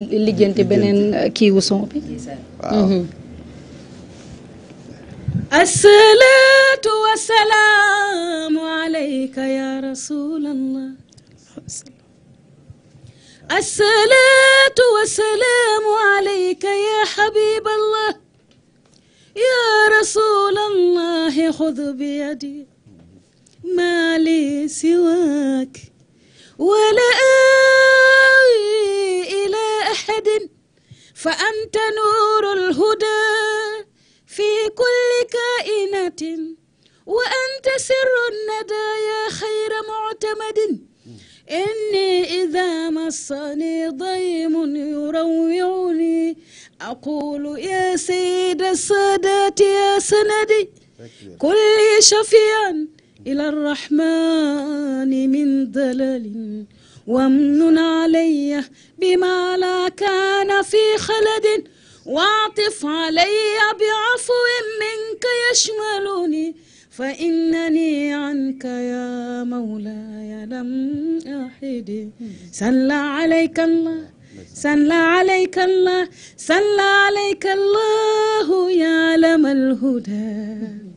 lijjanti beneen euh, kiiwu son bi mhm. asalaatu wasalaamu alayka ya rasulallah asalaatu wasalaamu alayka ya habiballah ya rasulallah xud biyadi ma li siwa fa anta nuurul hudaa fi kulli kaa'inatin wa anta sirrun nadaa yaa xayra mu'tamadin inni idaa massanii daymun yurawwi'uni aquulu yaa sayyida saadaati yaa sanadi kulli shafiyan إلى الرحمن من دلل وامن علي بما لا كان في خلد واعطف علي بعفو منك يشملني فإنني عنك يا مولاي لم أحد صلى عليك الله صلى عليك الله صلى عليك الله يا لم الهدى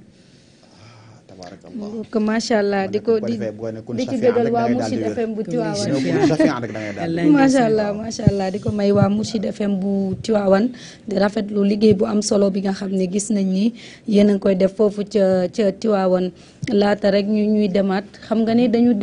tabarakallah macha allah di ko di di ci bégal waa Mourchid FM bu Tiwaawan macha allah di ko may waa Mourchid FM bu Tiwaawan di rafetlu liggéey bu am solo bi nga xam ne gis nañ ni yéen a ngi koy def foofu ca ca Tiwaawan laata rek ñu ñuy demaat xam nga ne dañu